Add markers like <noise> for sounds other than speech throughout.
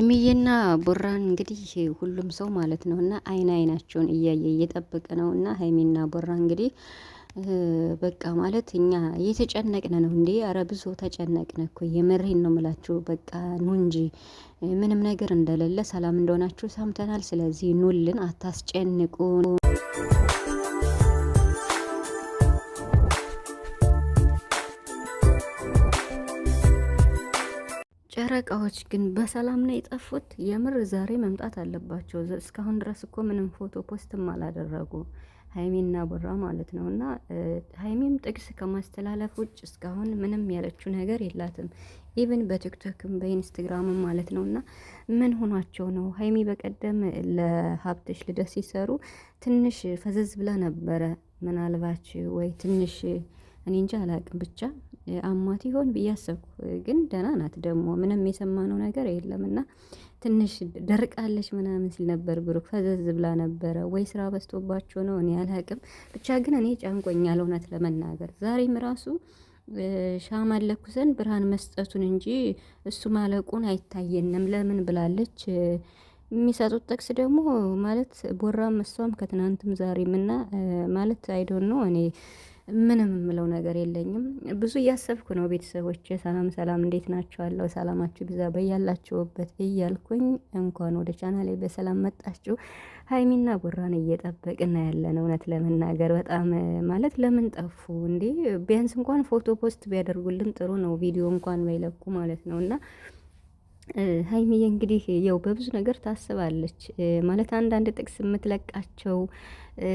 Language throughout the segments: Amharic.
ሀይሚዬና ቦራን እንግዲህ ሁሉም ሰው ማለት ነው እና አይን አይናቸውን እያየ እየጠበቀ ነው እና ሀይሚና ቦራ እንግዲህ በቃ ማለት እኛ እየተጨነቅነ ነው እንዴ! አረ ብዙ ተጨነቅነ እኮ የመሬን ነው ምላችሁ። በቃ ኑ እንጂ ምንም ነገር እንደሌለ ሰላም እንደሆናችሁ ሰምተናል። ስለዚህ ኑልን፣ አታስጨንቁን። ጨረቃዎች ግን በሰላም ነው የጠፉት። የምር ዛሬ መምጣት አለባቸው። እስካሁን ድረስ እኮ ምንም ፎቶ ፖስትም አላደረጉ ሀይሚና ቦራ ማለት ነው። እና ሀይሚም ጥቅስ ከማስተላለፍ ውጭ እስካሁን ምንም ያለችው ነገር የላትም። ኢቭን በቲክቶክም በኢንስትግራምም ማለት ነው። እና ምን ሆኗቸው ነው? ሀይሚ በቀደም ለሀብትሽ ልደት ሲሰሩ ትንሽ ፈዘዝ ብላ ነበረ። ምናልባች ወይ ትንሽ እኔ እንጂ አላቅም ብቻ አሟት ይሆን ብዬ አሰብኩ። ግን ደህና ናት ደግሞ ምንም የሰማነው ነገር የለም እና ትንሽ ደርቃለች ምናምን ሲል ነበር ብሩክ። ፈዘዝ ብላ ነበረ ወይ ስራ በዝቶባቸው ነው እኔ አላቅም። ብቻ ግን እኔ ጫንቆኛል እውነት ለመናገር ዛሬም ራሱ ሻማ ለኩሰን ብርሃን መስጠቱን እንጂ እሱ ማለቁን አይታየንም ለምን ብላለች። የሚሰጡት ጥቅስ ደግሞ ማለት ቦራም እሷም ከትናንትም ዛሬም እና ማለት አይዶን ነው እኔ ምንም የምለው ነገር የለኝም። ብዙ እያሰብኩ ነው። ቤተሰቦች ሰላም ሰላም፣ እንዴት ናችኋለሁ? ሰላማችሁ ብዛ በያላችሁበት እያልኩኝ እንኳን ወደ ቻናሌ በሰላም መጣችሁ። ሀይሚና ቡራን እየጠበቅና ያለን እውነት ለመናገር በጣም ማለት ለምን ጠፉ እንዴ? ቢያንስ እንኳን ፎቶ ፖስት ቢያደርጉልን ጥሩ ነው። ቪዲዮ እንኳን ባይለቁ ማለት ነው እና ሀይሚዬ እንግዲህ ያው በብዙ ነገር ታስባለች ማለት አንዳንድ ጥቅስ የምትለቃቸው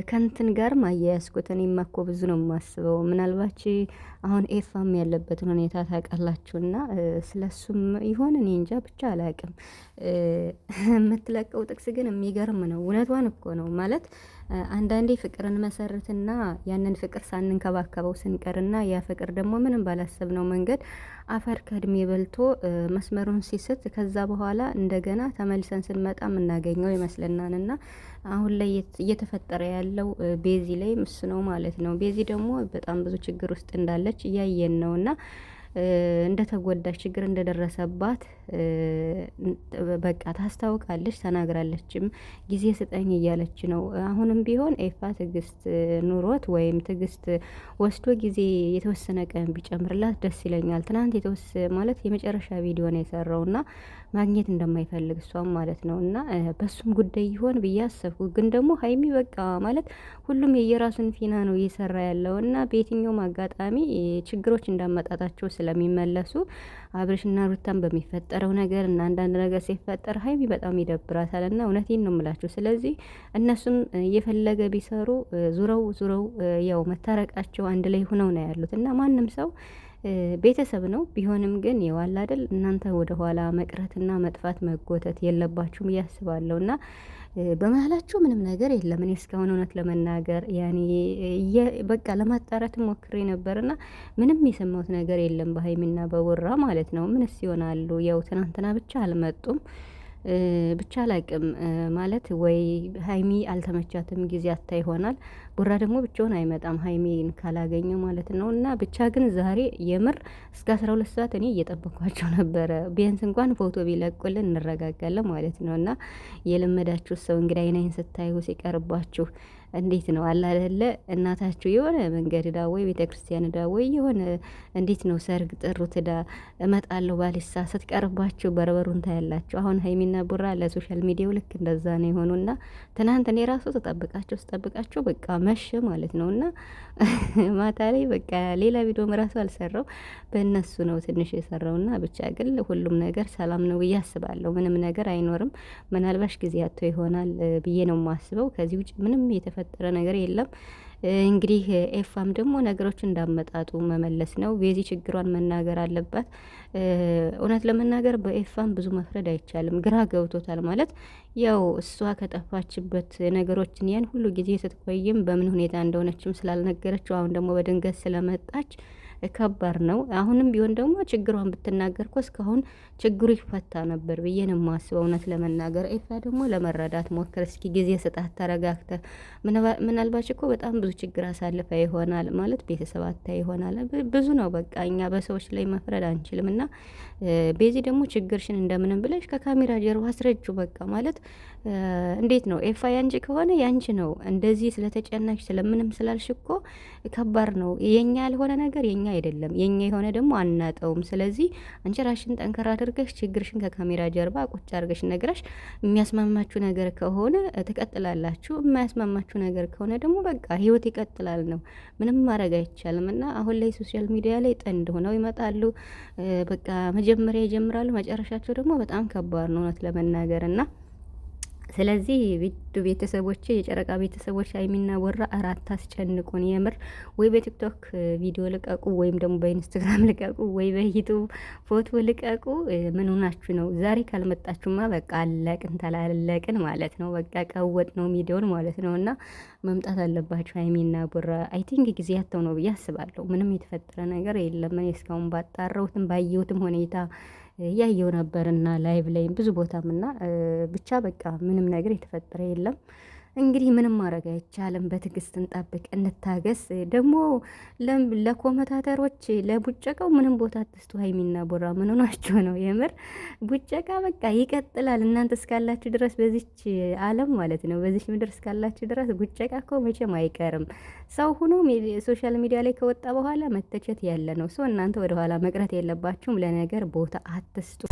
ከንትን ጋር ማያያዝኩት እኔማ እኮ ብዙ ነው የማስበው። ምናልባች አሁን ኤፋም ያለበትን ሁኔታ ስለ ስለሱም ይሆን እኔ እንጃ ብቻ አላውቅም። የምትለቀው ጥቅስ ግን የሚገርም ነው። እውነቷን እኮ ነው ማለት አንዳንዴ ፍቅርን መሰርትና ያንን ፍቅር ሳንንከባከበው ስንቀርና ያ ፍቅር ደግሞ ምንም ባላሰብነው መንገድ አፈር ከእድሜ በልቶ መስመሩን ሲስት ከዛ በኋላ እንደገና ተመልሰን ስንመጣ የምናገኘው ይመስለናልና አሁን ላይ እየተፈጠረ ያለው ቤዚ ላይ ምስ ነው ማለት ነው። ቤዚ ደግሞ በጣም ብዙ ችግር ውስጥ እንዳለች እያየን ነው እና እንደተጎዳች ችግር እንደደረሰባት በቃ ታስታውቃለች፣ ተናግራለችም። ጊዜ ስጠኝ እያለች ነው። አሁንም ቢሆን ኤፋ ትዕግስት ኑሮት ወይም ትዕግስት ወስዶ ጊዜ የተወሰነ ቀን ቢጨምርላት ደስ ይለኛል። ትናንት የተወስ ማለት የመጨረሻ ቪዲዮ ነው የሰራውና ማግኘት እንደማይፈልግ እሷም ማለት ነው እና በሱም ጉዳይ ይሆን ብዬ አሰብኩ። ግን ደግሞ ሀይሚ በቃ ማለት ሁሉም የየራሱን ፊና ነው እየሰራ ያለው እና በየትኛውም አጋጣሚ ችግሮች እንዳመጣጣቸው ስለ ስለሚመለሱ አብርሽና ሩታን በሚፈጠረው ነገር እና አንዳንድ ነገር ሲፈጠር ሀይሚ በጣም ይደብራታል እና እውነቴን ነው የምላችሁ። ስለዚህ እነሱም እየፈለገ ቢሰሩ ዙረው ዙረው ያው መታረቃቸው አንድ ላይ ሁነው ነው ያሉት እና ማንም ሰው ቤተሰብ ነው። ቢሆንም ግን የዋላ አይደል እናንተ ወደ ኋላ መቅረትና መጥፋት መጎተት የለባችሁም እያስባለሁ እና በመሀላችሁ ምንም ነገር የለም። እኔ እስካሁን እውነት ለመናገር ያኔ በቃ ለማጣራት ሞክሬ ነበርና ምንም የሰማሁት ነገር የለም በሀይሚና በቡራ ማለት ነው። ምንስ ይሆናሉ? ያው ትናንትና ብቻ አልመጡም። ብቻ አላቅም ማለት ወይ ሀይሚ አልተመቻትም ጊዜ አታ ይሆናል። ቡራ ደግሞ ብቻውን አይመጣም ሀይሚን ካላገኘ ማለት ነው። እና ብቻ ግን ዛሬ የምር እስከ አስራ ሁለት ሰዓት እኔ እየጠበኳቸው ነበረ። ቢያንስ እንኳን ፎቶ ቢለቁልን እንረጋጋለን ማለት ነው። እና የለመዳችሁ ሰው እንግዲህ አይናይን ስታዩ ሲቀርባችሁ እንዴት ነው አለ አይደለ እናታችሁ የሆነ መንገድ ዳ ወይ ቤተ ክርስቲያን ዳ ወይ የሆነ እንዴት ነው ሰርግ ጥሩት ዳ እመጣለሁ ባልሳ ስትቀርባችሁ በርበሩን ታያላችሁ። አሁን ሀይሚና ቡራ ለሶሻል ሚዲያው ልክ እንደዛ ነው የሆኑና ትናንት እኔ ራሱ ተጠብቃቸው ስጠብቃቸው በቃ መሸ ማለት ነው እና <laughs> ማታ ላይ በቃ ሌላ ቪዲዮም ራሱ አልሰራው በእነሱ ነው ትንሽ የሰራውና ብቻ ግን ሁሉም ነገር ሰላም ነው ብዬ አስባለሁ። ምንም ነገር አይኖርም። ምናልባሽ ጊዜ አቶ ይሆናል ብዬ ነው የማስበው። ከዚህ ውጭ ምንም የተፈ የተፈጠረ ነገር የለም። እንግዲህ ኤፋም ደግሞ ነገሮች እንዳመጣጡ መመለስ ነው። ቤዚ ችግሯን መናገር አለባት። እውነት ለመናገር በኤፋም ብዙ መፍረድ አይቻልም። ግራ ገብቶታል ማለት ያው እሷ ከጠፋችበት ነገሮችን ያን ሁሉ ጊዜ ስትቆይም በምን ሁኔታ እንደሆነችም ስላልነገረችው አሁን ደግሞ በድንገት ስለመጣች ከባድ ነው። አሁንም ቢሆን ደግሞ ችግሯን ብትናገር እኮ እስካሁን ችግሩ ይፈታ ነበር ብዬ ነው የማስበው። እውነት ለመናገር ኤፋ ደግሞ ለመረዳት ሞክር እስኪ፣ ጊዜ ስጣት፣ ተረጋግተ ምናልባች እኮ በጣም ብዙ ችግር አሳልፈ ይሆናል ማለት ቤተሰብ አታ ይሆናል ብዙ ነው። በቃ እኛ በሰዎች ላይ መፍረድ አንችልም። እና ቤዚ ደግሞ ችግርሽን እንደምንም ብለሽ ከካሜራ ጀርባ አስረጁ። በቃ ማለት እንዴት ነው ኤፋ ያንቺ ከሆነ ያንቺ ነው። እንደዚህ ስለተጨናሽ ስለምንም ስላልሽ እኮ ከባድ ነው። የኛ ያልሆነ ነገር የኛ አይደለም፣ የኛ የሆነ ደግሞ አናጠውም። ስለዚህ አንጭራሽን ጠንከር አድርገሽ ችግርሽን ከካሜራ ጀርባ ቁጭ አድርገሽ ነግረሽ የሚያስማማችሁ ነገር ከሆነ ትቀጥላላችሁ፣ የማያስማማችሁ ነገር ከሆነ ደግሞ በቃ ህይወት ይቀጥላል ነው። ምንም ማድረግ አይቻልም። እና አሁን ላይ ሶሻል ሚዲያ ላይ ጥንድ ሆነው ይመጣሉ። በቃ መጀመሪያ ይጀምራሉ፣ መጨረሻቸው ደግሞ በጣም ከባድ ነው እውነት ለመናገር እና ስለዚህ ውድ ቤተሰቦች የጨረቃ ቤተሰቦች ሀይሚና ቦራ አራት አስጨንቁን። የምር ወይ በቲክቶክ ቪዲዮ ልቀቁ፣ ወይም ደግሞ በኢንስታግራም <laughs> ልቀቁ፣ ወይ በዩቱብ ፎቶ ልቀቁ። ምን ሆናችሁ ነው? ዛሬ ካልመጣችሁማ በቃ አለቅን ተላለቅን ማለት ነው። በቃ ቀወጥ ነው ሚዲዮን ማለት ነው። እና መምጣት አለባችሁ ሀይሚና ቦራ። አይ ቲንክ ጊዜ ያተው ነው ብዬ አስባለሁ። ምንም የተፈጠረ ነገር የለም። እኔ እስካሁን ባጣራሁትም ባየሁትም ሁኔታ እያየው ነበርና ላይቭ ላይም ብዙ ቦታም እና ብቻ በቃ ምንም ነገር የተፈጠረ የለም። እንግዲህ ምንም ማድረግ አይቻልም። በትዕግስት እንጠብቅ፣ እንታገስ። ደግሞ ለኮመታተሮች ለቡጨቃው ምንም ቦታ አትስጡ። ሀይሚና ቦራ ምን ሆናችሁ ነው? የምር ቡጨቃ በቃ ይቀጥላል። እናንተ እስካላችሁ ድረስ በዚች ዓለም ማለት ነው በዚች ምድር እስካላችሁ ድረስ ቡጨቃ እኮ መቼም አይቀርም። ሰው ሁኖ ሶሻል ሚዲያ ላይ ከወጣ በኋላ መተቸት ያለ ነው። ሰው እናንተ ወደኋላ መቅረት የለባችሁም። ለነገር ቦታ አትስጡ።